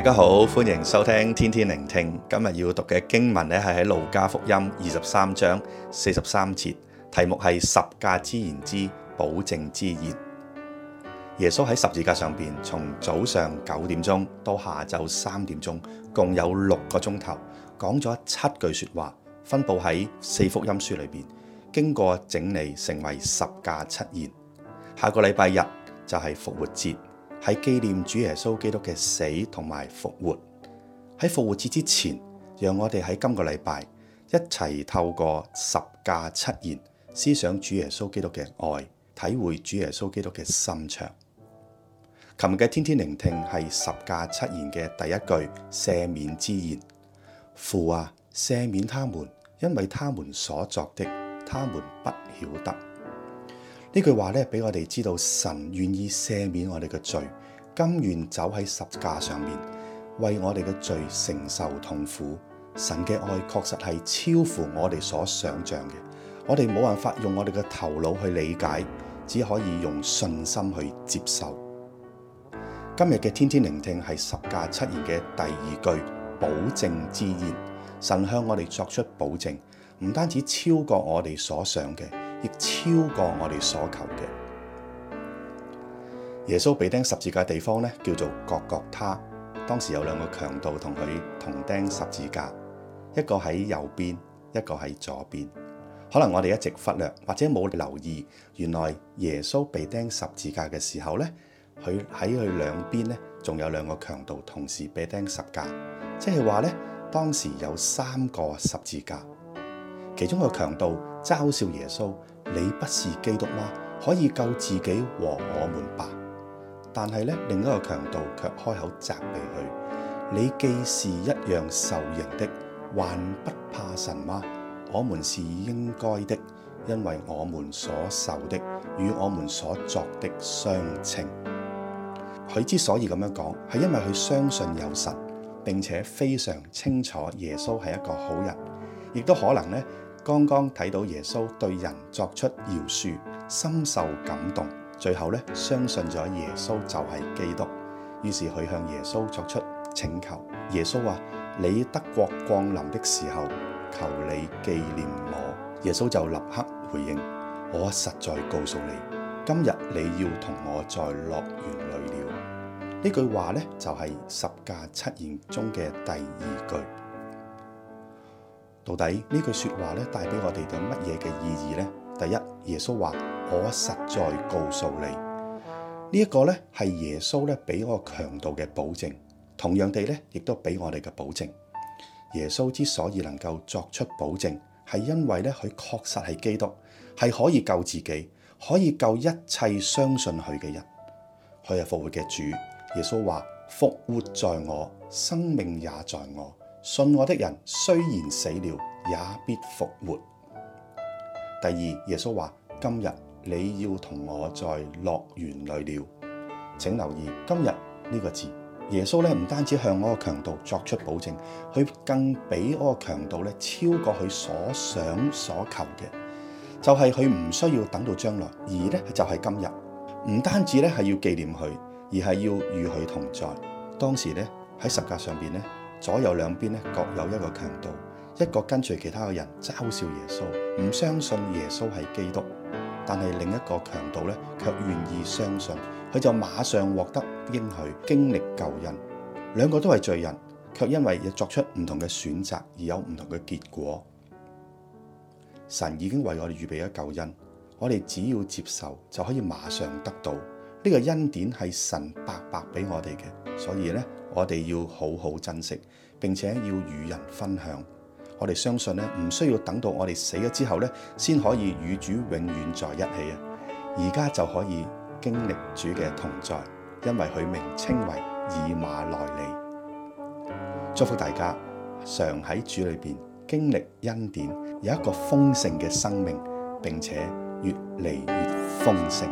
大家好，歡迎收聽天天靈聽。今日要讀嘅經文咧，係喺路加福音二十三章四十三節，題目係十架七言之保證之言。耶穌喺十字架上邊，從早上九點鐘到下晝三點鐘，共有六個鐘頭，講咗七句說話，分布喺四福音書裏邊，經過整理成為十架七言。下個禮拜日就係復活節。喺紀念主耶穌基督嘅死同埋復活，喺復活節之前，讓我哋喺今個禮拜一齊透過十架七言思想主耶穌基督嘅愛，體會主耶穌基督嘅心腸。琴日嘅天天靈聽係十架七言嘅第一句赦免之言，父啊，赦免他們，因為他們所作的，他們不曉得。呢句話咧，俾我哋知道神願意赦免我哋嘅罪，甘願走喺十架上面，為我哋嘅罪承受痛苦。神嘅愛確實係超乎我哋所想象嘅，我哋冇辦法用我哋嘅頭腦去理解，只可以用信心去接受。今日嘅天天聆聽係十架七言嘅第二句保證之言，神向我哋作出保證，唔單止超過我哋所想嘅。亦超過我哋所求嘅。耶穌被釘十字架地方咧，叫做各各他。當時有兩個強盜同佢同釘十字架，一個喺右邊，一個喺左邊。可能我哋一直忽略，或者冇留意，原來耶穌被釘十字架嘅時候咧，佢喺佢兩邊咧，仲有兩個強盜同時被釘十字架，即係話咧，當時有三個十字架。其中一個強盜嘲笑耶穌：你不是基督嗎？可以救自己和我們吧。但係咧，另一個強盜卻開口責備佢：你既是一樣受刑的，還不怕神嗎？我們是應該的，因為我們所受的與我們所作的相稱。佢之所以咁樣講，係因為佢相信有神，並且非常清楚耶穌係一個好人，亦都可能咧，剛剛睇到耶穌對人作出饒恕，深受感動，最後呢，相信咗耶穌就係基督，於是佢向耶穌作出請求。耶穌話：你得國降臨的時候，求你記念我。耶穌就立刻回應：我實在告訴你，今日你要同我在樂園裏了。呢句話呢，就係十架七言中嘅第二句。到底呢句說話咧帶俾我哋有乜嘢嘅意義呢？第一，耶穌話：我實在告訴你，呢、這、一個咧係耶穌咧俾我強盜嘅保證。同樣地咧，亦都俾我哋嘅保證。耶穌之所以能夠作出保證，係因為咧佢確實係基督，係可以救自己，可以救一切相信佢嘅人。佢係復活嘅主。耶穌話：復活在我，生命也在我。信我的人雖然死了，也必復活。第二，耶穌話：今日你要同我在樂園裏了。請留意今日呢個字，耶穌咧唔單止向我個強盜作出保證，佢更俾我個強盜咧超過佢所想所求嘅，就係佢唔需要等到將來，而呢就係今日。唔單止咧係要紀念佢，而係要與佢同在。當時咧喺十字架上邊咧。左右兩邊咧，各有一個強盜，一個跟隨其他嘅人嘲笑耶穌，唔相信耶穌係基督；但係另一個強盜咧，卻願意相信，佢就馬上獲得應許，經歷救恩。兩個都係罪人，卻因為作出唔同嘅選擇而有唔同嘅結果。神已經為我哋預備咗救恩，我哋只要接受就可以馬上得到。呢、這個恩典係神白白俾我哋嘅，所以呢。我哋要好好珍惜，並且要與人分享。我哋相信咧，唔需要等到我哋死咗之後，咧，先可以與主永遠在一起啊！而家就可以經歷主嘅同在，因為佢名稱為以馬內利。祝福大家常喺主裏邊經歷恩典，有一個豐盛嘅生命，並且越嚟越豐盛。